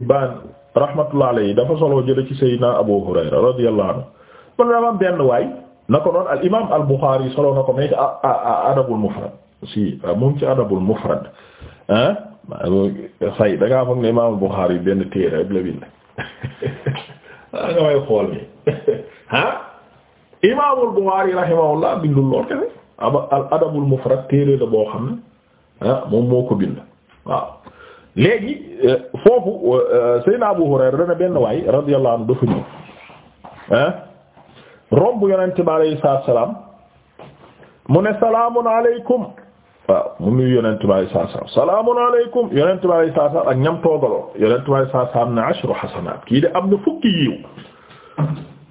baan rahmatullah alayhi dafa solo jële ci sayyidina Abu Hurayra radiyallahu anhu man benn waay na ko noon al imaam al Buxaari solo na ko mais ah, ci adabul mufrad si moom mufrad ah say foog ne imaam al Buxaari benn téere rek la bindul lool kese aba al adabul mufrad téere la boo xam ne moom moo ko bind waaw. léegi euh, foofu euh, euh, Seydina Abu Hurayra dana benn waay radiyallahu anhu dafa ñëw ah romb yonent bi alayhi salaam mu ne salaamun aleykum waaw mu nuyu yonent bi alayhi salaam salaamun aleykum yonent bi alayhi salaam ak ñam toogaloo yonent bi alayhi salaam ne ashru xasanaat kii de am na fukki yiw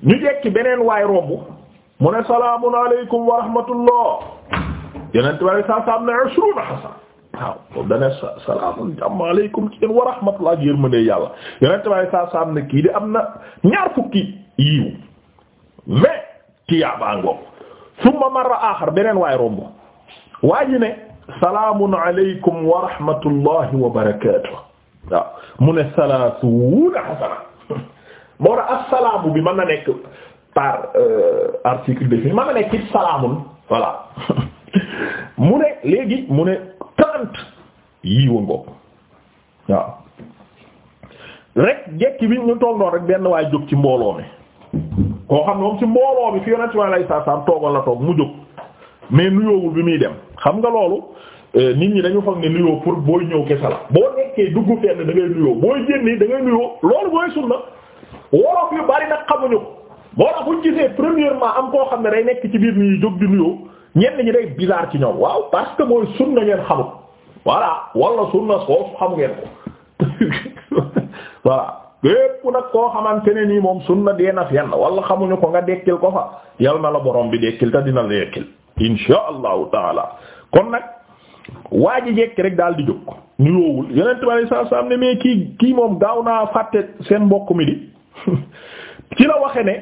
ñu jekki beneen waay romb mu ne salaamun aleykum wa rahmatullah yonent bi alayhi salaam ne ashru xasanaat waaw moom dane salaamun jàmm aleykum ci yéen wa rahmatullah ak yërmande yàlla yonent bi alei kii di am na ñaar fukki yiw mais tiyaaba ngoog summa marra aaxar beneen waay romb waa ji ne salaamun aleykum wa rahmatullahi wa mu ne salaasuuna xasana moo tax assalaamu bi mën nekk par euh, article défini mën nekk it salaamun mu ne léegi mu ne trente yii wa waaw rek jekki bi ñu toog rek benn waaye jóg ci mbooloo koo xam ne moom ci mbooloo mi fi yonent bi alayhi salaam toogal la toog mu jóg mais nuyoowul bi muy dem xam nga loolu euh, nit ñi dañu foog ne nuyoo pour booy ñëw kese la boo nekkee dugg fenn da nuyoo booy génni da ngay nuyoo loolu mooy sunna wolof yu bari nag xamuñu ko boo tax buñ gisee premièrement am koo xam ne day nekk ci biir ñuy jóg di nuyoo ñenn ñi day bizarre ci ñoom waaw parce que mooy sunna ngeen xamut voilà wala sunna soosu xamu ngeen ko voilà lépp nag koo xamante ne nii moom sunna dee na fenn wala xamuñu ko nga dekkil ko fa yal ma la borom bi dekkil te dina la dekkil insha allahu taala kon nag waa ji jekki rek daal di jóg nuyoowul yonent bi alayhi salaam ne mais kii kii moom gaaw naa fàtte seen mbokk mi di ci la waxe ne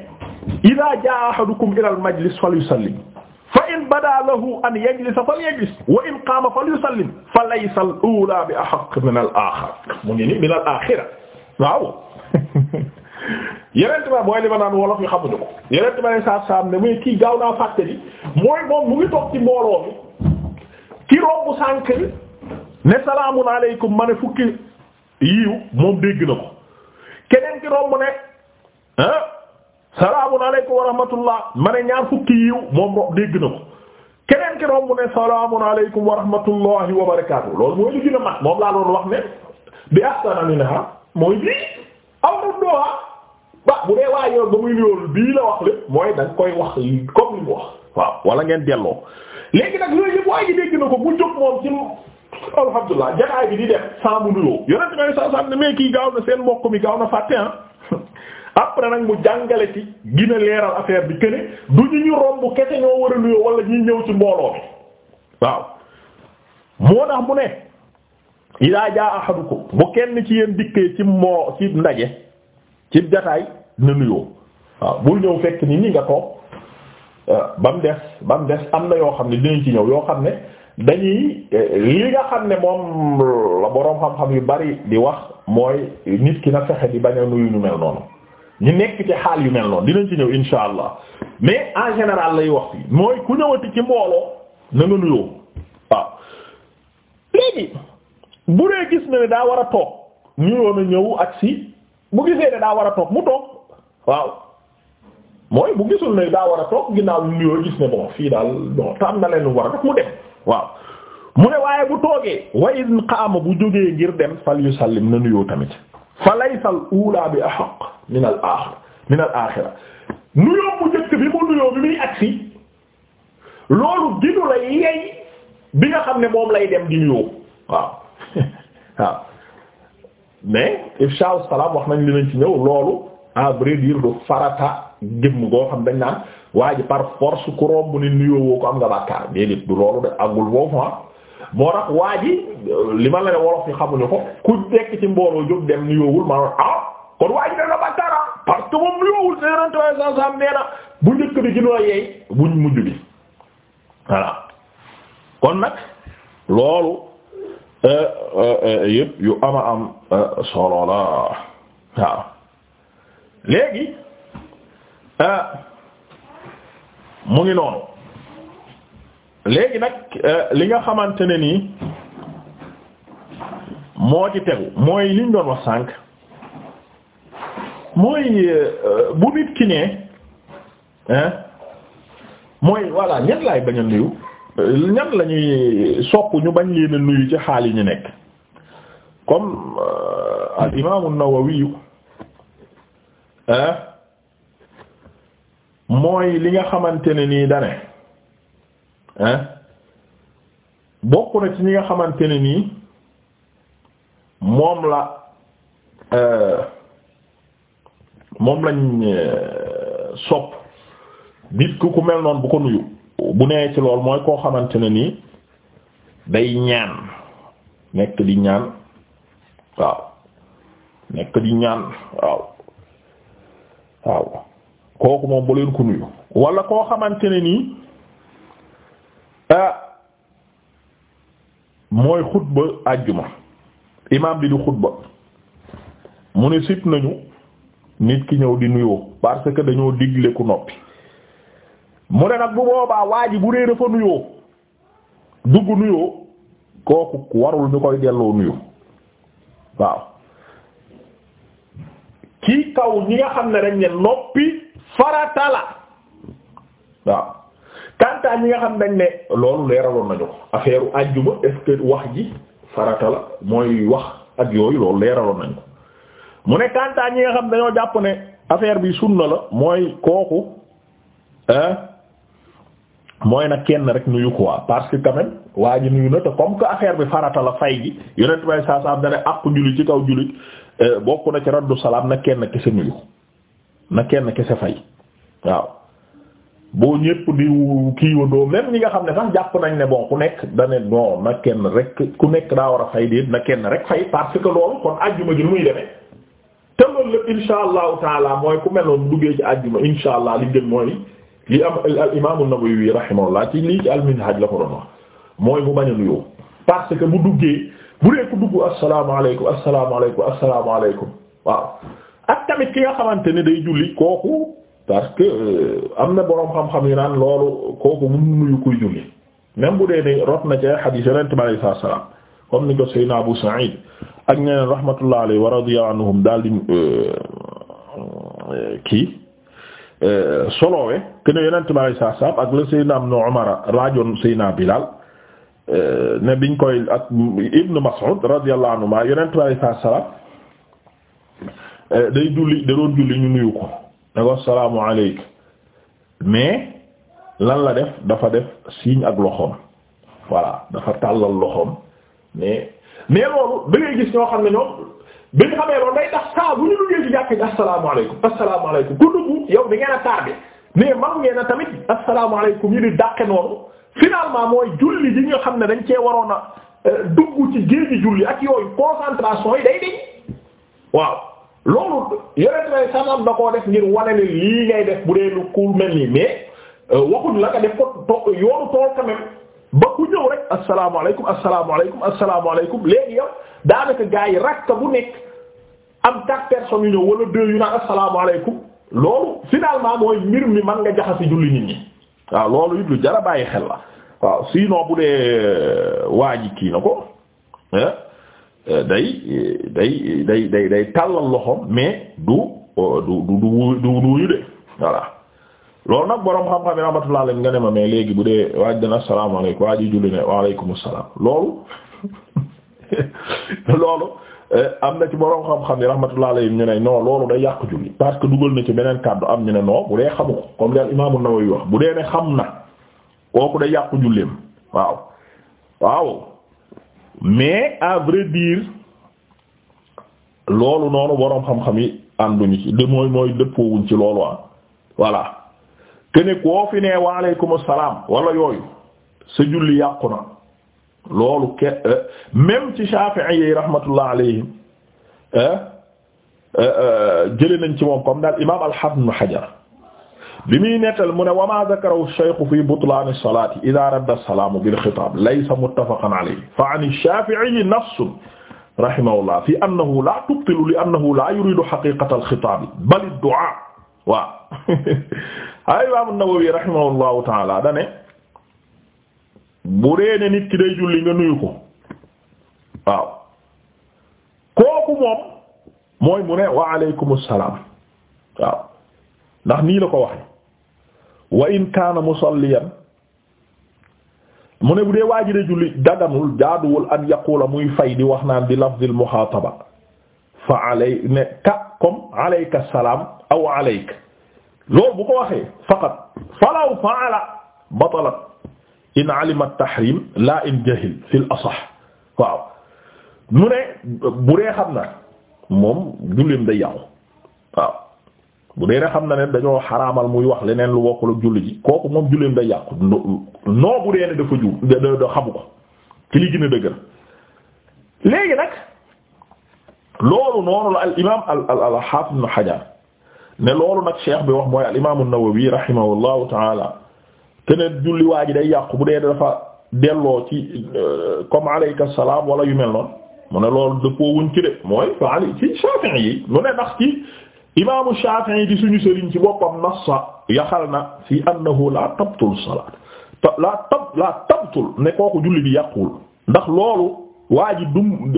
ida jaa ahadukum ila al majlis falyusallim in bada lahu an yajlisa falyajlis wa in qaama falyusallim fa laysa al ula ahaq min al mu ngi ni min al waaw yeneen tubaab mooy li ma naan wolof yi xamuñu ko yeneen tubaab yi saaf saaf ne muy kii gaaw naa fàtte bi mooy moom mu ngi toog ci mbooloo mi ki romb sànq ne salaamun aleykum ma ne fukki yiiw moom dégg na ko keneen ki romb ne ah salaamun aleykum wa ma ne ñaar fukki yiiw moom dégg na ko keneen ki romb ne salaamun aleykum wa rahmatullahi wa barakaatu loolu mooy li gën a mat moom laa doon wax ne bi ahsana minha mooy bii aw mu doha ba bu dee waa yoon ba muy loolu bii la wax lépp mooy da nga koy wax comme li mu wax wala ngeen delloo léegi nag yooyu yëpp waa ji dégg na ko bu jóg moom ci alhamdulilah jataay bi di def sans mu nuyoo yonent may sa sam ne mais kii gaaw na seen mbokk mi gaaw na fàtte ah. après nag mu jàngale ci gina leeral affaire bi këne du ñu ñu romb kese ñoo war a nuyoo wala ñuy ñëw ci mbooloo bi waaw moo tax mu ne idaa jaa ahadukum bu kenn ci yéen dikkee ci moo ci ndaje ci jataay na nuyoo waaw bul ñëw fekk ni ñi nga toog euh, ba mu des ba mu des am na yoo xam ne dinañ ci ñëw yoo xam ne dañuy li nga xam ne moom la boroom xam-xam yu bari di wax mooy nit ki na fexe di bañ a nuyu ñu mel noonu ñu nekk ci xaal yu mel noonu dinañ ci ñëw insha allah mais en général lay wax fii mooy ku ñëwati ci mbooloo na nga nuyoo waaw léegi bu dee gis na ne daa war a toog nuyoo na ñëw ak si bu gisee ne daa war a toog mu toog waaw mooy bu gisul ne daa war a toog ginnaaw nuyoo gis ne bon fii daal bon te am na leen war a def mu dem waaw mu ne waaye bu toogee wa in qaama bu jógee ngir dem yu yusallim na nuyoo tamit fa laysa al bi ahaq min al min al nuyoo bu njëkk bi mu nuyoo bi muy agsi loolu ginu la yey bi nga xam ne moom lay dem di nuyoo waaw waaw mais ifsha salaam wax nañ li nañ ci ñëw loolu à vrai du farata gëmm goo xam dañ naan waa ji par force ku romb ni nuyoo woo ko am nga bàkkaar déedéet du loolu de agul foofu ah moo tax waa ji li ma la ne wolof yi xamuñu ko ku nekk ci mbooloo jóg dem nuyoowul ma ah kon waa ji def na bàkkaara parce que moom nuyoowul sa yonent way sa sam nee na bu njëkk bi gënoo yeey buñ mujj bi voilà kon nag loolu euh, euh, euh, yëpp yu ama am solo la waaw léegi mu ngi noonu léegi nag euh, li nga xamante ne nii moo ci tegu mooy liñ doon wax sànq mooy euh, bu nit ki ne hein mooy voilà ñan laay bañ a nuyu euh, ñan la ñuy sopp ñu bañ leen a nuyu ci xaal yi ñu nekk comme al imaamu an-Nawawi hein mooy li nga xamante ne nii dane bokk na ci ñi nga xamante ne nii moom la euh, moom lañ euh, sopp nit ku ku mel noonu bu ko nuyu bu nee ci lool mooy koo xamante ne nii day ñaan nekk di ñaan waaw nekk di ñaan waaw waaw kooku moom bu leen ko nuyu wala koo xamante nii Ah. mooy xutba àjjuma imaam bi di xutba mu ne sit nañu nit ki ñëw di nuyoo parce que dañoo digle ku noppi mu ne nag bu boobaa waa ji bu dee dafa nuyoo dugg nuyoo kooku warul ñu koy delloo nuyoo waaw ci kaw ñi nga xam ne rek ne noppi farata waaw kanta ñi nga xam dañ ne loolu leeraloon nañu ko affaire u àjjuma est wax ji farata la mooy wax ak yooyu loolu leeraloon nañu ko mu ne kanta ñi nga xam dañoo jàpp ne affaire bi sunna la mooy kooku mooy na kenn rek nuyu quoi parce que quand waa ji nuyu na te comme que affaire bi farata la fay gi yonent bay saa saam dane àqu julli ci kaw julli eh, bokk na ci raddu salaam na kenn kese nuyu na kenn kese fay waaw boo ñëpp di kii wa doo même ñi nga xam ne sax jàpp nañ ne bon ku nekk da ne non na kenn rek ku nekk daa war a fay déet na kenn rek fay parce que loolu kon àjjuma ji nu muy demee te loolu lépp insha allahu taala mooy ku meloon duggee ci àjjuma insha allah li gën mooy li am al imam an-Nawawi rahimahullah ci lii ci al la ko doon wax mooy mu bañ a nuyoo parce que bu duggee bu dee ku dugg asalaamaaleykum asalaamaaleykum asalaamaaleykum waaw ak tamit ki nga xamante ne day julli kooku. parce que euh, am na boroom xam-xam yi naan loolu kooku mun nuyu kuy julli même bu dee ni rot na ci ay xadiis yonent bi alayhi salaam comme ni ko Seydina Abu Sa'id ak ñeneen rahmatullah alayhi wa radiya daal di euh, kii euh, soloowe que ne yonent bi alayhi salaatu salaam ak la Seydina am na Umar laajoon Seydina Bilal ne biñ koy ak Ibn Mas'ud radiyallahu anhu ma yonent bi alayhi salaam day julli da julli ñu nuyu ko. ne ko salaamu aleyk mais lan la def dafa def signe ak loxoom voilà dafa tàllal loxoom mais mais loolu da ngay gis ñoo xam ne ñoom bi ñu xamee loolu day tax saa bu ñu duggee ci jàkk ji assalaamu aleykum assalaamu aleykum ku dugg yow di ngeen a tardé mais mag ngeen a tamit assalaamu aleykum yi di dàqe noonu finalement mooy julli ji nga xam ne dañ cee waroon a euh, dugg ci géej gi julli ak yooyu concentration yi day deñ waaw loolu yeneen lay sanam da koo def ngir wane ne lii ngay def bu dee lu ku mel nii mais euh, waxuñ la nga def ko to yoonu tool quand même ba ku ñëw rek asalaamaaleykum asalaamaaleykum asalaamaaleykum léegi yow daanaka gaa yi rakk bu nekk am quatre personnes yu ñëw wala deux yu naan asalaamaaleykum loolu finalement mooy mbir mi man nga jaxasi julli nit ñi waaw loolu it lu bàyyi xel la waaw sinon bu dee euh, waa ji kii na ko day day day day day tàllal loxo mais du du du wuyu de voilà loolu nag boroom xam-xam yi rahmatullah alayhi nga ne ma mais léegi bu dee waaj dana asalaamaaleykum waa ji julli ne waaleykum salaam loolu loolu eh, am na ci boroom xam-xam yi rahmatullah alayhi ñu ne non loolu day yàq julli parce que dugal na ci beneen kàddu am ñu ne non bu dee xamu ko comme daal Imaam An-Nawawi wax bu dee ne xam na kooku day yàq julleem waaw waaw. mais à vrai dire loolu noonu boroom xam-xam yi ànduñu ci de mooy mooy dëppoowuñ ci loolu am ah. voilà que ne koo fi salaam wala yooyu sa julli yàqu na loolu ke euh, même ci Shafi'i yi rahmatullah alayhim euh, euh, jële nañ ci moom comme daal imaam al-Hafiz Hajar bi muy nettal mu ne wa ma zakarahu shaykhu fi butlaani salaati idaa radda salaamu bil xitaab laysa muttafaqan alayhi fa an shaafi'i nafsun rahimahullah fi annahu laa tubtilu li annahu laa yuriidu haqiiqata al-xitaab bal ad-du'aa waaw Imaam An-Nawawi rahimahullahu ta'aala da ne bu dee ne nit ki day julli nga nuyu ko waaw kooku moom mooy mu ne wa alaykumus salaam waaw ndax nii la ko waxee wa in kaana musalliyan mu ne bu dee waa ji de julli daganul jaaduwul an yaqula muy fay di wax naan di lafdil muxaataba fa alay ne ka comme alayka salaam aw alayka loolu bu ko waxee faqat falaw faala batalat in alima tahrim la in jahil fil asah waaw mu ne bu dee xam na moom jullim day yàqu waaw bu dee ne xam na ne dañoo xaraamal muy wax leneen lu bokkul ak julli ji kooku moom julleem day yàqu noo bu dee ne dafa ju da xamu ko ci li gën a dëgër léegi nag loolu noonu la al al al al haafid ibn ne loolu nag cheikh bi wax mooy al imaam an-Nawawi rahimahullahu taala keneen julli waa day yàqu bu dee dafa delloo ci euh, comme alayka salaam wala yu mel noonu mu ne loolu dëppoo wuñ ci de mooy fa ci Shafi'i yi mu ne ndax ci imaamu Shafi'i di suñu sëriñ ci boppam nassa yaxal na fi annahu la tabtul salaat la tab la tabtul ne kooku julli bi yàquwul ndax loolu waa ji dum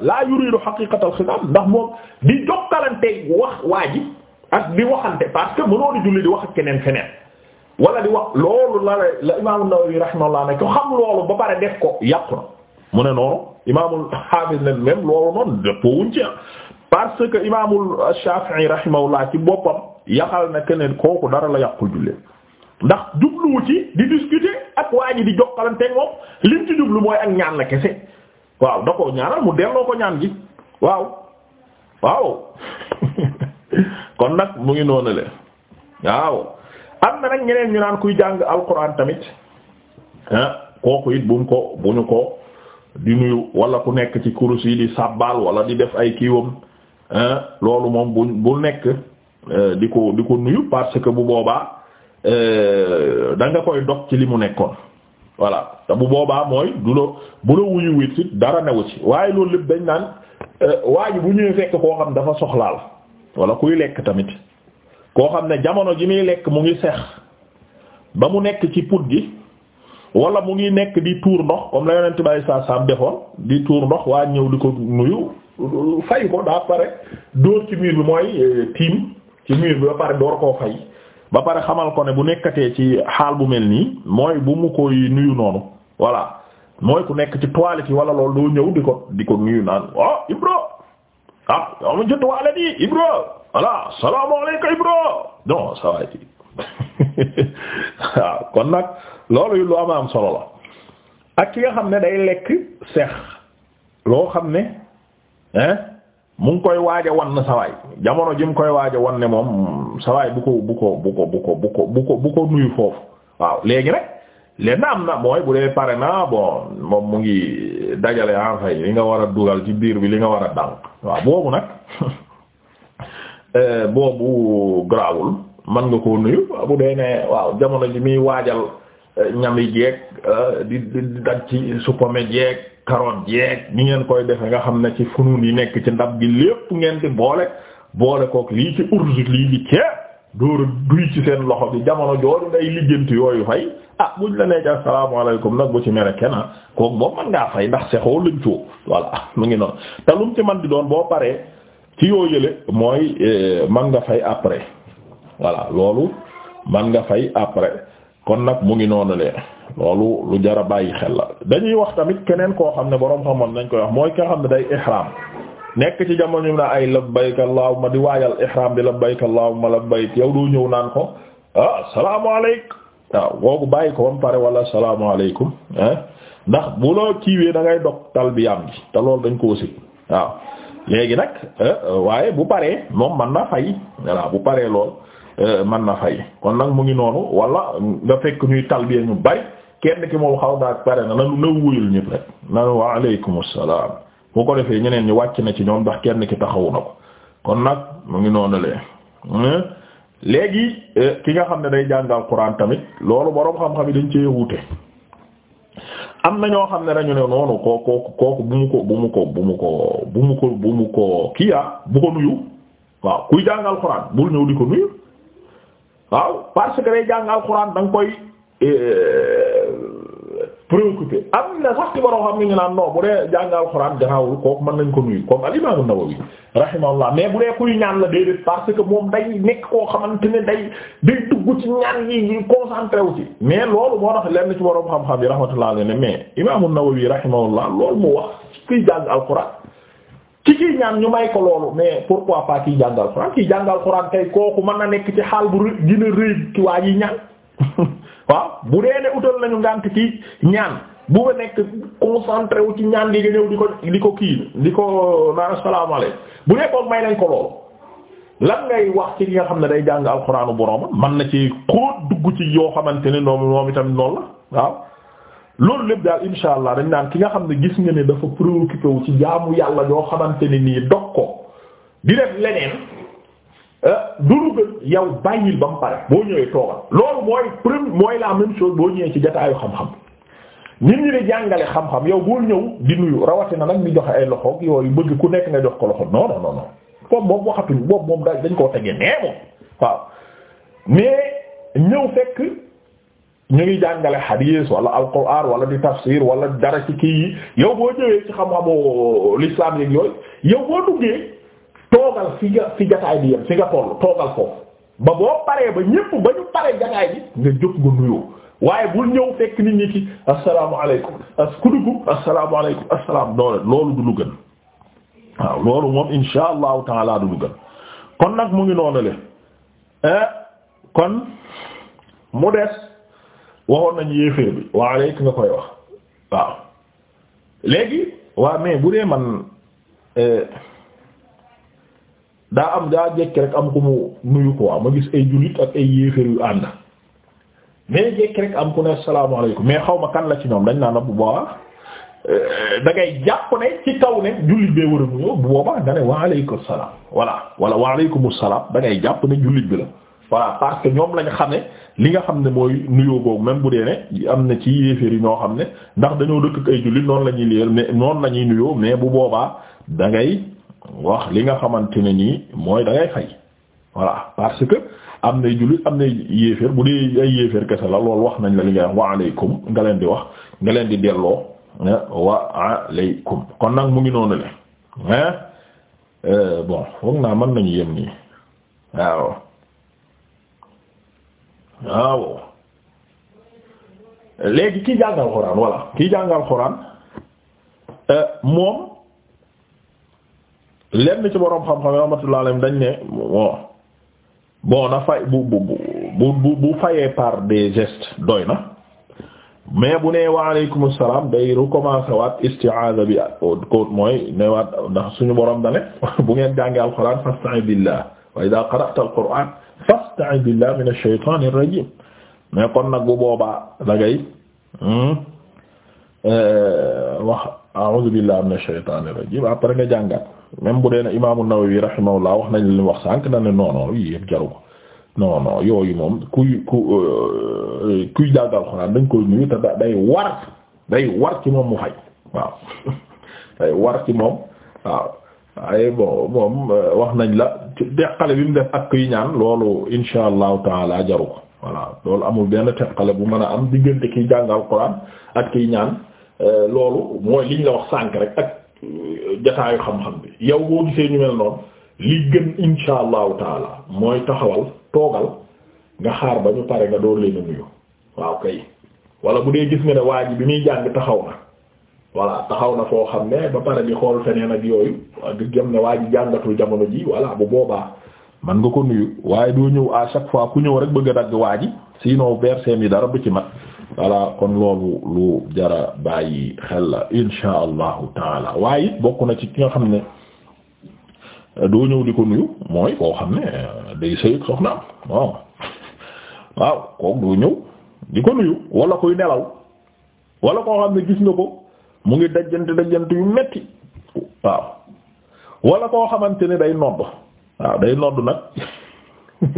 laa yuridu xaqiqatal xitaab ndax moom di jokkalante wax waa ji ak di waxante parce que mu di julli di wax ak kenen feneen wala di wax loolu la la imaamu Nawawi rahimahullah ne ko xam loolu ba pare def ko yàqu na mu ne noonu imaamul Haafiz ne loolu noonu dëppoo wuñ ci ah. parce que imaamul Shafi'i rahimahullah ci boppam yaxal na keneen kooku dara la yàqul julli ndax jubluwu ci di discuter ak waa ji di jokkalanteeg moom lim ci jublu mooy ak ñaan la kese waaw da koo ñaanal mu delloo ko ñaan gi waaw waaw kon nag mu ngi noonu le waaw am na nag ñeneen ñu naan kuy jàng alquran tamit ah kooku it bu mu ko bu ñu ko di nuyu wala ku nekk ci kurus yi di sàbbaal wala di def ay kiiwam loolu moom bu nekk euh, di ko di ko nuyu parce que bu boobaa euh, da nga koy dog ci li mu nekkoon voilà te bu boobaa mooy du la bu la wuyu wit it dara newu ci waaye loolu lépp dañ naan euh, waa bu ñëwee fekk koo xam dafa soxlaal wala kuy lekk tamit koo xam ne jamono ji muy lekk mu ngi sex ba mu nekk ci put gi wala mu ngi nekk di tuur ndox comme la yonent bay saa saam defoon di tuur ndox waa ñëw di ko nuyu fay ko daa pare dóor ci mur bi mooy euh, tiim ci mur bi ba pare door koo fay ba pare xamal ko ne bu nekkatee ci xaal bu mel nii mooy bu mu koy nuyu noonu voilà mooy ku nekk ci toilette yi wala loolu doo ñëw di ko di ko nuyu naan oh Ibro ah yow mu ci toilette yi Ibro waaw kon nag loolu lu am am solo la ak ki nga xam ne day lekk seex loo xam ne. eh mu ngi koy waaja wan na sawaay jamono ji mu koy waaja wan ne moom sawaay bu ko bu ko bu ko bu ko bu ko bu ko bu ko nuyu foofu waaw léegi rek leen na am na mooy bu dee pare na bon moom mu ngi dajale en yi li nga war a dugal ci biir bi li nga war a dànk waaw boobu nag euh, boobu grawul mën nga koo nuyu bu dee ne waaw jamono ji muy waajal euh, ñami jeeg euh, di di daj ci suppome jeeg carotte yeeg ñi ngeen koy defe nga xam ne ci funun yi nekk ci ndab gi lépp ngeen di boole boole kook lii ci ursu lii ci ceeb dóor a duy ci seen loxo bi jamono jooju ngay lijjanti yooyu fay ah buñ la nekk asalaamaaleykum nag bu ci mere kenn ah kook boobu mën ngaa fay ndax sexoo lañ coo voilà mu ngi noonu te lu mu ci man di doon boo paree ci yoo yële mooy eh, man nga fay après voilà loolu man nga fay après kon nag mu ngi noonu leen loolu lu jar a bàyyi xel la dañuy wax tamit keneen koo xam ne boroom xamoon nañ koy wax mooy ki nga xam ne day ihram nekk ci jamono na ay labbayk allahumma di waajal ihram di labbayk allahumma labbayk yow doo ñëw naan ko ah salaamaaleykum waaw boobu bàyyi ko bam pare wala salaamaaleykum ah ndax bu loo kiiwee da ngay dog talbiyaam gi te loolu dañ ko wasi waaw léegi nag eh, waaye bu paree moom man na fay voilà bu paree lool Euh, man na fay kon nag mu ngi noonu wala nga fekk ñuy talbiya ñu bari kenn ki moom xaw naa pare na nanu na wuyul ñëpp rek nanu wa aleykum salaam bu ko defee ñeneen ñi wàcc na ci ñoom ndax kenn ki taxawu na ko kon nag mu ngi noonu lee hmm? léegi euh, ki nga xam ne day jàngal quran tamit loolu boroom xam-xam yi dañ cee wuute am na ñoo xam ne dañu ne noonu koo kooku kooku bu mu ko bu mu ko bu mu ko bu mu ko bu mu ko kii ah, bu ko nuyu waaw kuy jàngal quran bul ñëw di ko nuyu waaw parce que day jàng alxuraan da nga koy euh, préoccupé am na sax ci borom xam ni ñu naan non bu dee jàng alxuraan garaawul kooku mën nañ ko nuyu comme al imam an-Nawawi rahimahullah mais bu dee kuy ñaan la déedéet parce que moom day nekk koo xamante ne day day dugg ci ñaan yi ñu concentré ci mais loolu moo tax lenn ci borom xam-xam yi rahmatullah ne mais imam an-Nawawi rahimahullah loolu mu wax kuy jàng alxuraan ci ciy ñaan ñu may ko loolu mais pourquoi pas kiy jàngal Alxuraan kiy jàngal Alxuraan tey kooku mën na nekk ci xaal bu dina rëy ki waa ji ñaan waaw bu dee ne utal nañu ngànt ci ñaan bu ba nekk concentré wu ci ñaan gi nga di ko di ko kii di ko naan salaamaaleykum bu dee koog may nañ ko loolu lan ngay wax ci li nga xam ne day jàng alxuraanu boroomam man na ci xóot dugg ci yoo xamante ne noonu moom itam noonu la waaw. loolu lépp daal insha allah dañ naan ki nga xam ne gis nga ne dafa préoccupé wu ci jaamu yàlla yoo xamante ne nii dog ko di def leneen euh, du lu gën bàyyil ba mu pare boo ñëwee toogal loolu mooy premier mooy la même boo ñëwee ci jataayu xam-xam nit ñi di jàngale xam-xam yow boo ñëw di rawatina nag ñu joxe ay loxoog yooyu bëgg ku nekk nga jox ko loxo non non non boobu moom waxatuñ boobu moom dañ koo tegee nee moom waaw mais ñëw fekk. ñu ngi jàngale xadiis wala alquran wala di tafsir wala dara ci kii yi yow boo ñëwee ci xam-xamu l'islam yeeg yooyu yow boo duggee toogal fi nga fi jataay bi yem fi nga toll toogal foofu ba boo paree ba ñépp ba ñu paree jataay bi nga jóg nga nuyoo waaye bul ñëw fekk nit ñi ci asalaamaaleykum as ku dugg asalaamaaleykum asalaam doole loolu du lu gën waaw loolu moom insha allahu taala du lu gën kon nag mu ngi noonu eh kon mu des. waxoon nañu yéeféer bi wa nga koy wax waaw léegi waaw mais bu dee man euh, daa am daa jekki rek am ku mu nuyu quoi ma gis ay jullit ak ay yéeféer yu ànd mais jekki rek am ku ne salaamaaleykum mais xaw ma kan la ci ñoom dañ naan bu boobaa euh, da ngay jàpp ne ci kaw ne jullit bee war a nuyoo bu boobaa nga ne waaleykum salaam voilà wala salaam da ngay jàpp ne jullit bi la. voilà parce que ñoom lañ xame li nga xam ne mooy nuyoo boobu même bu dee ne am na ci yéeféer yi ñoo xam ne ndax dañoo dëkk ay jullit noonu la ñuy liyal mais noonu la ñuy nuyoo mais bu boobaa da ngay wax li nga xamante ne nii mooy da ngay fay voilà parce que am nay jullit am na yéeféer bu dee ay yéeféer kese la loolu wax nañ la li ngay wax wa aleykum nga leen di wax nga leen di delloo wa aleykum kon nag mu ngi noonu le hein euh, bon foog naa mën nañu yem nii waaw waaw léegi kii jàngal xuraan voilà kii jàngal xuraan euh, moom lenn ci boroom xam-xam rahmatullahi alayhi dañ ne bon bon na fay bu bu bu bu fayee par des gestes doy na mais bu nee wa aleykum salaam day recommencer waat isti'aza bi ko mooy ne waat ndax suñu boroom da ne bu ngeen jàngee alxuraan fasta'in billah wa idha qara'ta alxuraan asta'in billah min ash-shaytanir rajim mais kon nag bu boobaa da ngay hmm, eh, wax a'udhu billahi min ash-shaytanir rajim après nga jàngat même bu dee ne imaamu Nawawi wax nañ li wax sànq na ne non non moom kuy ku eh, kuy jàngal koy nuyu te day war day moom mu fay waaw ay bon moom euh, wax nañ la teqale bi mu def ak yi ñaan loolu insha allahu taala jaru ko voilà loolu amul benn teqale bu mën a am diggante ki jàng alquran ak kiy ñaan euh, loolu mooy liñ la wax sànk rek ak euh, jataayu xam-xam bi yow boo gisee ñu mel noonu li gën insha allahu taala mooy taxawal toogal nga xaar ba ñu pare nga door leen a nuyu waaw kay wala bu dee gis nga ne waa ji bi muy jàng taxaw na voilà taxaw na foo xam ne ba pare di xool feneen ak yooyu di gëm ne waa ji jàngatul jamono ji voilà bu boobaa man nga ko nuyu waaye doo ñëw à chaque fois ku ñëw rek bëgg a dagg waa ji sinon verset mi dara bu ci mat voilà kon loolu lu jara bàyyi xel la insha allahu waaye it bokk na ci ki nga xam ne doo ñëw di ko nuyu mooy koo xam ne day sëy soxnaam bon waaw kooku doo ñëw di ko nuyu wala koy nelaw wala koo xam ne gis nga ko mu ngi dajjante dajjante yu metti waaw wala koo xamante ne day nodd waaw day nodd nag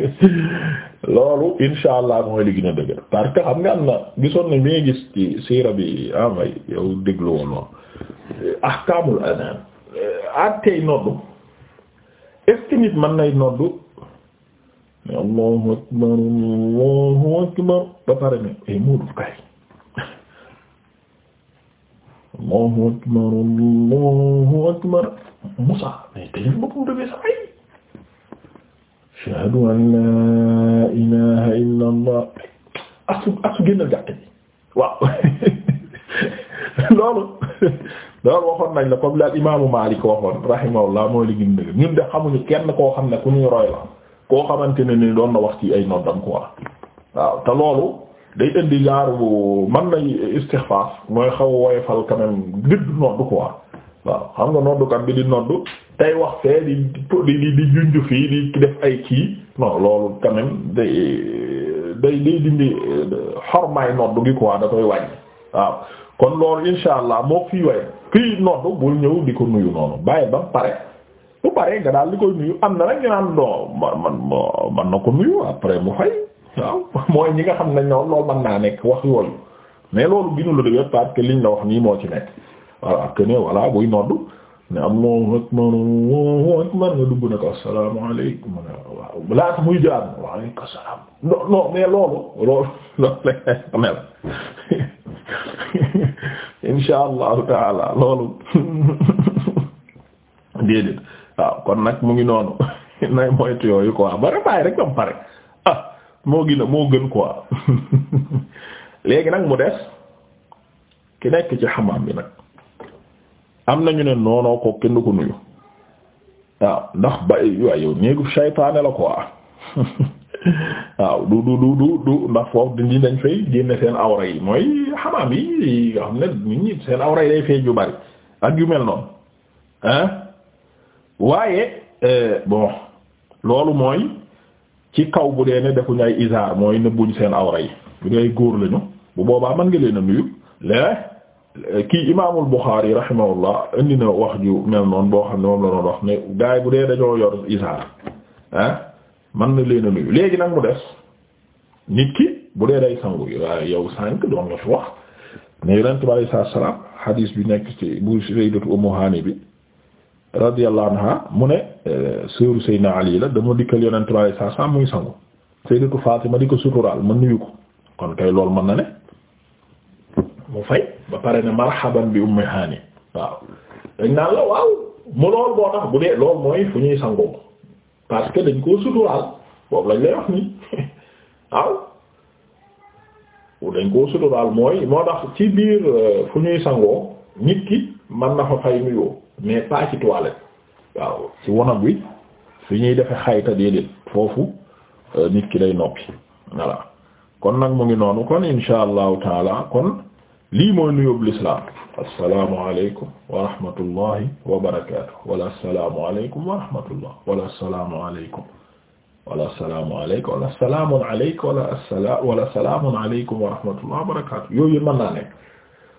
loolu insha allah mooy li gën a dëgër parce que xam nga am na gisoon nañ bi nga gis ci siira bi amay ah yow déglu woon noonu ahkaamul adaan ak tey noddu est-ce que nit mën nay noddu allahu akbar allahu akbar ba pare ne ay muudul kay allahu akbar allahu akbar Musa mais tëjal boppam demee sax ay ashhadu an la ilaha illa allah asu asu génnal jàkk ji waaw loolu loolu waxoon nañ la comme la imaamu Maalik waxoon rahimahullah mooy li gën dëgg ñun de xamuñu kenn koo xam ne ku ñuy roy la koo xamante ne ni doon na wax ci ay noddam quoi waaw te loolu day indi bu man lay istixfaaf mooy xaw a woyofal quand même dëgg noddu waaw xam nga noddukat bi di noddu tey wax fee di di di junj fii di def ay kii non loolu quand même day day day dindi xormaay noddu gi quoi da koy wàññi waaw kon loolu insha allah moo fii waye fii noddu bul ñëw di ko nuyu noonu bàyyi ba pare bu pare nga daal di koy nuyu am na rek ñu naan man man man na ko nuyu après mu fay. waaw mooy ñi nga xam ne ñoom loolu mën naa nekk wax yooyu mais loolu gënu la dëgër parce que liñ la wax nii moo ci nekk voilà que ne voilà buy nodd ne am loo ak man wo ak man nga dugg ne ko asalaamaaleykum ma ne waaw laata muy jaar waaleykum salaam non non mais loolu loolu loolu la mel insha allahu taala loolu déedéet waaw kon nag mu ngi noonu nay moytu yooyu quoi ba refaay rek bam pare moo gën moo gën quoi léegi nag mu des ki nekk ci xamaam bi nag am nañu ne noonoo ko kenn ko nuyu waaw ndax ba waaye yow néegu saytaane la quoi waaw du du du du du ndax foofu di dañ fay génne seen awra yi mooy xamaam yi nga xam nit seen awra yi day feeñ yu bari ak yu mel noonu hein waaye euh, bon loolu mooy ci kaw bu dee ne defuñu ay isaar mooy nëbbuñ seen awra yi bu dee góor lañu bu boobaa mën nga leen a nuyu lee kii imaamul Buxaari rahimahullah indi na wax ju mel noonu boo xam ne moom la doon wax ne gars yi bu dee dañoo yor isaar ah leen a léegi nag mu nit ki bu dee day sangu waaye yow sànq doon nga fi wax ne yonent bi alayhi salaam xadiis bi nekk ci bu Sayyidatu Ummu Haani bi. radiyallahu anha mu ne euh, sœuru Seydina Ali la dama dikkal yonentu Yàlla saa saa muy sangu Sayyidatu Fatima di ko suturaal ma nuyu ko kon kay loolu mën na ne mu fay ba pare ne marhaban bi Ummi Hani waaw dañ naan la waaw mu loolu boo tax bu dee loolu mooy fu ñuy sangoo parce que dañ koo suturaal boobu lañ lay wax nii waaw dañ koo suturaal mooy moo tax ci biir euh, fu ñuy sangoo nit ki mën na fa fay nuyoo mais pas ci si waaw ci si wi ñuy defe xayta déedéet foofu euh, nit ki lay noppi kon nag mu ngi noonu kon insha allahu taala kon lii mooy nuyóob l'islam assalaamu alaykum wa rahmatullahi wa barakatuh wala assalaamu alaykum wa rahmatullah wala assalaamu alaykum wala assalaamu alaykum wala assalaamu alaykum wala assala wala assalaamu yooyu mën naa nekk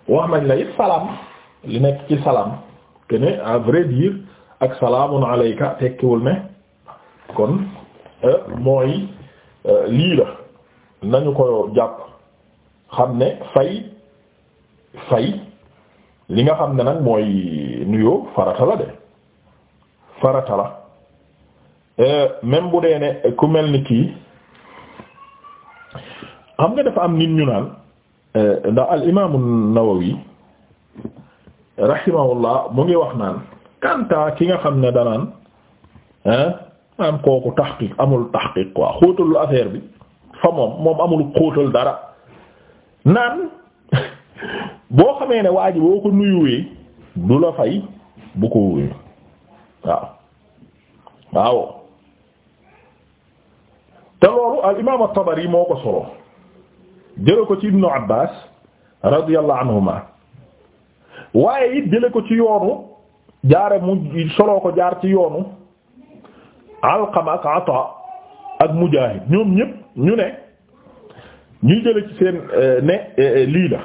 wax nañ la li nekk ci salaam que ne à vrai dire ak salaamun alayka tekkiwul ne kon euh, mooy euh, lii la nañu ko jàpp xam ne fay fay li nga xam ne nag mooy nuyoo farata la de farata la euh, même bu dee ne ku mel ni kii xam nga dafa am nit ñu naan ndax al imaamu Nawawi rahimahullah mu ngi wax naan kanta ki nga xam ne danaan am kooku tahqiq amul tahqiq quoi xóotalu affaire bi fa moom moom amul xóotal dara naan boo xamee ne waa ji boo ko nuyuwee du la fay bu ko wuyu waaw waaw te loolu al imaam at moo ko solo jëla ko ci Ibnu Abbaas radiyallahu anhuma waaye it jële ko ci yoonu jaare mu soloo ko jaar ci yoonu Alqama ak Ata ak Mujaahid ñoom ñëpp ñu ne ñu jële ci seen euh, ne euh, euh, lii la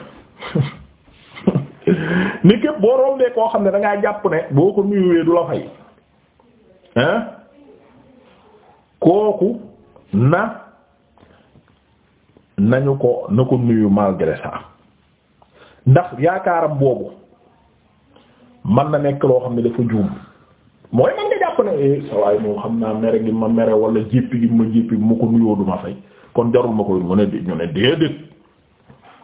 ni képp boo rombee koo xam ne da ngaa jàpp ne boo ko nuyuwee du la fay kooku na nañu ko na ko nuyu malgré ça ndax yaakaaram boobu man na nekk loo xam ne dafa juum mooy man nga jàpp ne eh, sa waay xam naa mere gi ma mere wala jéppi gi ma jéppi bu ma ko nuyoo du ma fay kon jarul ma koy mu ne ñu ne déedéet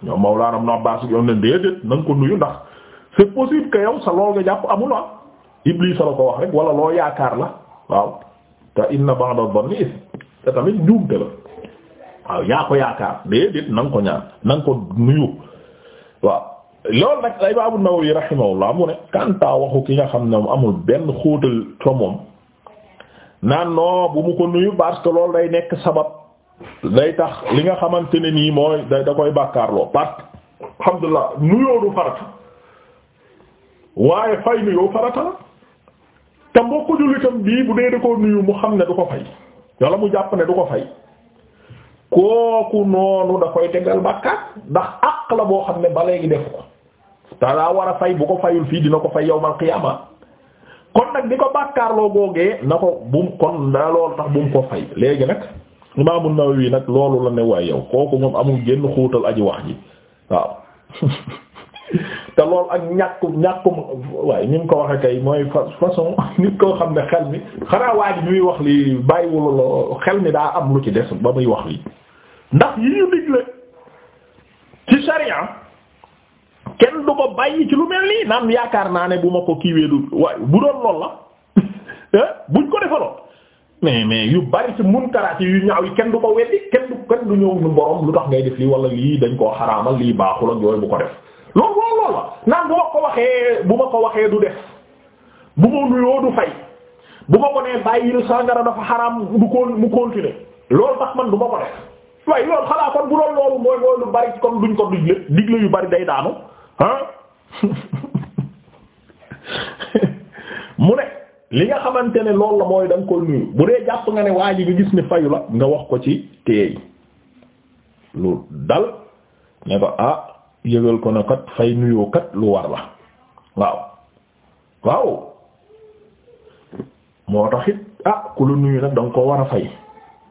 ñoom Mawlaana Ibn Abbaas ñoom ne déedéet na ko nuyu ndax c'est possible que yow sa lool nga jàpp amul ah Iblis la ko wax rek wala loo yaakaar la waaw te inna ba'da dhanni te tamit njuumte la waaw yaa ko yaakaar déedéet na nga ko ñaan na ko nuyu waaw loolu nag al imaamu Nawawi yi mu ne kanta waxu ki nga xam ne amul benn xóotal ca moom naan non bu mu ko nuyu parce que loolu day nekk sabab day tax li nga xamante ne nii mooy da da koy bàkkaarloo parce waaye te mbokku jullitam bii xam ne du ko fay walla mu jàpp ne du ko fay kooku noonu da koy tegal bàkkaar ndax àq la boo xam ne ba léegi def ko. te daa war a fay bu ko fayul fii dina ko fay yawmal qiyaama kon nag di ko bàkkaarloo googee na ko bu mu kon daa loolu tax bu mu ko fay léegi nag Imaam An-Nawawi nag loolu la ne waaye yow kooku moom amul génn xuutal aji wax ji waaw te loolu ak ñàkk ñàkkum waaye ni mu ko waxee kay mooy façon nit koo xam ne xel mi xanaa bi muy wax li bàyyiwul xel ni daa am lu ci des ba muy wax lii ndax yi ñu digle ci sariya kenn du ko bàyyi ci lu mel nii naan yaakaar naa ne bu ma ko kiiwee du waaye bu doon lool la eh buñ ko defaloo mais mais yu bari ci munkaraat yu ñaaw yi kenn du ko weddi kenn du ñëw ñu borom lu tax ngay def lii wala lii dañ koo xaraamal lii baaxul ak yooyu bu ko def loolu loolu loolu la naan bu ko waxee bu ma ko waxee du def bu ma nuyoo du fay bu ma ko nee bàyyil sangara dafa xaraam du ko man du ma ko def waaye loolu xanaa kon bu doon loolu mooy mooy bari kon duñ ko digle digle yu bari day daanu. ah mu ne li nga xamante ne loolu la mooy da nga koy nuyu bu dee jàpp nga ne waa ji nga gis ne fayu la nga wax ko ci téye lu dal ne ko ah yëgal ko ne kat fay nuyoo kat lu war la waaw waaw moo tax ah ku lu nuyu nag da nga ko war a fay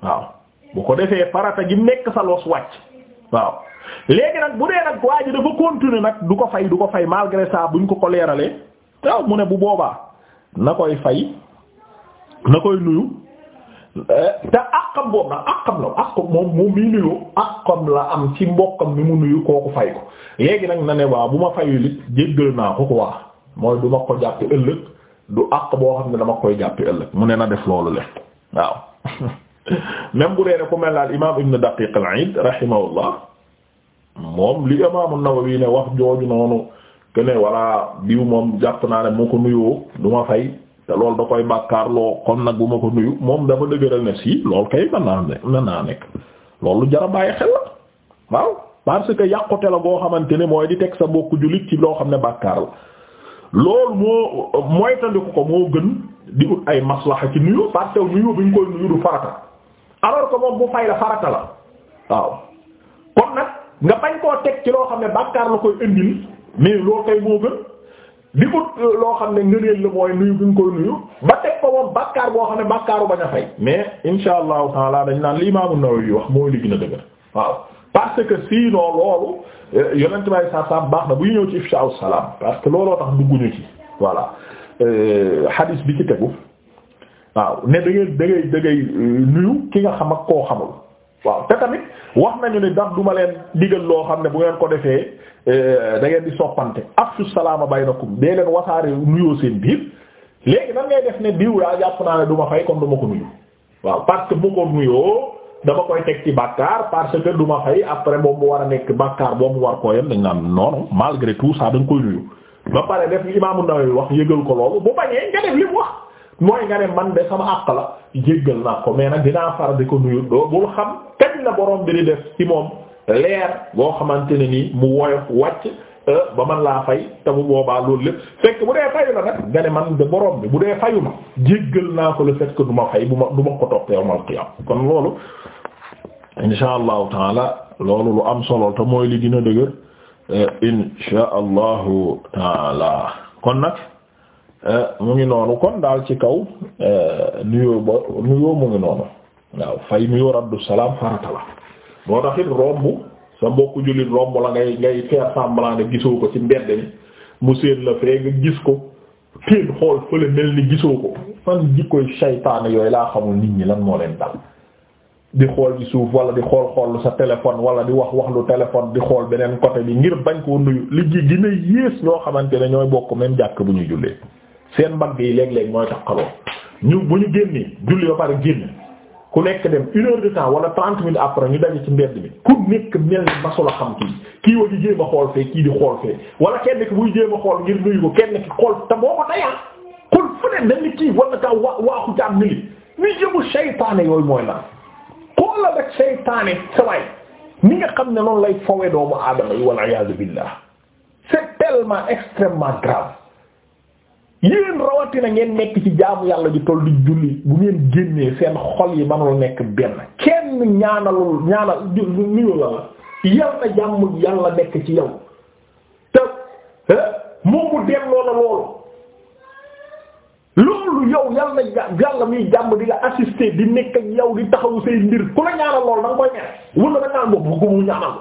waaw bu ko defee farata gi nekk sa los wàcc waaw léegi nag bu dee nag waa dafa continuer nag du ko fay du ko fay malgré ça buñ ko ko leeralee waaw mu ne bu boobaa na koy fay na koy nuyu eh, te àqam boobu nag àqam la àqam moom moom mii nuyu àqam la am ci mbokkam mi mu nuyu kooku fay ko léegi nag na ne waa bu ma fayul it jéggal naa ko quoi mooy du ma ko jàpp ëllëg du àq boo xam ne dama koy jàpp ëllëg mu ne na def loolu le waaw même bu dee ne ku mel ne imaam Ibn Daqiq al-Eid moom li Imaam An-Nawawi ne wax jooju noonu que ne voilà diw moom jàpp naa ne moo ko nuyoo du ma fay te loolu da koy bàkkaarloo kon nag bu ma ko nuyu moom dafa dëgëral ne si loolu kay mën naa ne mën naa nekk loolu jara bàyyi xel la waaw parce que yàqute la boo xamante ne mooy di teg sa bokk jullit ci loo xam ne bàkkaar lool loolu moo moytandiku ko moo gën di ut ay maslaha ci nuyu parce que nuyu bu ñu koy nuyu du farata alors que moom bu fay la farata nga bañ koo teg ci loo xam ne bàkkaar la koy indil mais loo koy moo gën di ut euh, loo xam ne ngëneel la mooy nuyu bi nga koy nuyu ba teg ko moom bàkkaar boo xam ne bàkkaaru bañ a fay mais insha allahu taala dañ naan li Imaam An-Nawawi wax mooy li gën a dëgër waaw parce que loolu euh, yonent bi alayhi baax na bu ñëw ci ifsha'u salaam parce que looloo tax dugguñu ci voilà euh, hadis bi ci tegu waaw ne da ngay da nuyu ki nga xam ak koo xamul waaw te tamit wax nañu ni ndax duma leen digal loo xam ne bu ngeen ko defee eh, da ngeen di soppante afshu salaama baynakum dee leen wasaare nuyoo seen biir léegi nan ngay def ne diw yaa jàpp naa ne duma fay comme duma ko nuyu waaw parce que bu ko nuyoo dama koy teg ci bàkkaar parce que duma fay après moom mu war a nekk bàkkaar boo mu war koo yem dañ naan noonu malgré tout saa da nga koy nuyu ba pare def li Imaamu Nawawi wax yëgal ko loolu bu bañee nga mooy nga ne man de sama àq la jéggal naa ko mais nag dinaa far di ko nuyu doo bul xam kañ la borom bi di def ci moom leer boo xamante ne nii mu woyof wàcc euh, ba man laa fay te bu boobaa loolu lépp fekk bu dee fayu la nga ne man de borom bi bu dee fayu ma jéggal naa ko le fait du ma fay bu ma du ma ko topp yawmal qiyam kon loolu insha allahu taala loolu lu am solo te mooy li dina dëgër euh, insha allahu taala kon nag Eh, mu ngi noonu kon daal ci kaw eh, nuyoo ba nuyoo mu ngi noonu waaw fay nuyoo raddu salaam farata la moo taxit romb sa mbokku jullit romb la ngay ngay faire semblant gisoo ko ci mbedd mi mu séen la fee nga gis ko teen xool fële mel ni gisoo ko fan jikkoy saytaane yooyu laa xamul nit ñi lan moo leen dal di xool ci suuf wala di xool xool sa téléphone wala di wax wax lu téléphone di xool beneen côté bi ngir bañ koo nuyu li gi gën a yées loo xamante ne ñooy bokk même jàkk bu ñuy jullee seen mbagg yi léeg-léeg mooy takkaloo ñu bu ñu génnee julli ba pare génn ku nekk dem une heure wala trente minutes après ñu daje ci mbedd bi ku nekk mel ni masula xam kii kii wa di jéem xool fee kii di xool fee wala kenn ki buy jéem xool ngir nuyu ko kenn ki xool te moo ko tayal xool fu ne mel ni kii wala kaa wa waaxu jàmm ni li ñuy jëmu seytaane yooyu mooy lan xoolal rek seytaane sawaay ni nga xam ne noonu lay fawe doomu aadama yi wal iyaazu billah c'est tellement extrêmement yéen rawatina ngeen nekk ci jaamu yàlla ji toll di julli bu ngeen génnee seen xol yi manul nekk benn kenn ñaanalul ñaanal nuyu la la yal na jàmm yàlla nekk ci yow te moom mu delloo la loolu loolu yow yal na yàlla muy jàmm di la assister di nekk ak yow di taxawu say mbir ku la ñaanal loolu da nga koy ñaan wala da ngaa mu ñaanal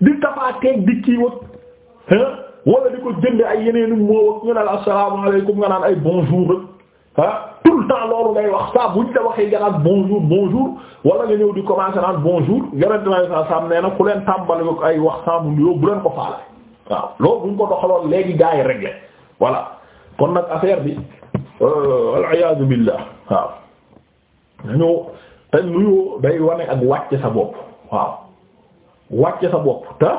di tafaateeg di kii wëpp wala di ko jënd ay yeneen moo wax ñu ne la asalaamaaleykum nga naan ay bonjour rek ah temps loolu ngay wax saa buñ la waxee bonjour bonjour wala nga ñëw di commencer naan bonjour yonent bi saa saam na ku leen tàmbali ko ay wax saa mu nuyoo bu leen ko faale waaw loolu buñ ko doxaloon léegi gaa yi réglé kon nag affaire bi euh, al iyaazu billah waaw dañoo te nuyoo day wane ak wàcce sa bopp waaw wàcce sa bopp te.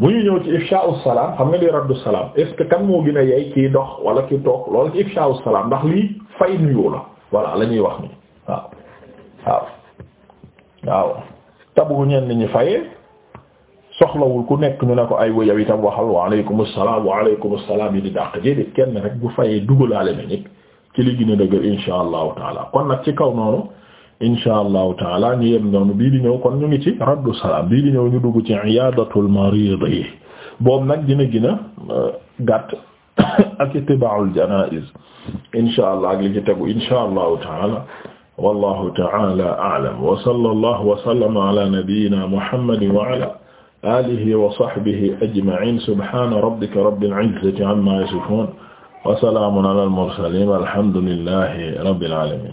bu ñu ñëw ci ifsha'u salaam xam nga li raddu salaam est que kan moo gën a yey kii dox wala ki toog loolu ci ifsha'u salaam ndax lii fay nuyoo la voilà la ñuy wax ni waaw waaw waaw tabu ñenn ñi fayee soxlawul ku nekk ñu ne ko ay yow itam waxal wa aleykum salaam wa aleykum salaam yi di dàq jéedéet kenn rek bu fayee dugalaale na ñëpp ci li gin a dëgër insha allahu taala kon nag ci kaw noonu insha allahu taala ñu yem noonu bii di ñëw kon ñu ngi ci raddu salaam bii di ñëw ñu dugg ci iyadatul marid yi boobu nag dina gën a euh, gàtt ak itiba'ul janaiz insha allah ak li ci tegu insha allahu taala wallahu taala a'lam wa sallallahu wa sallama ala nabiyyina muhammadin wa ala alihi wa sahbihi ajma'in subhana rabbika rabbil izzati amma yasifun wa salamun ala al mursalin walhamdulillahi rabbil alamin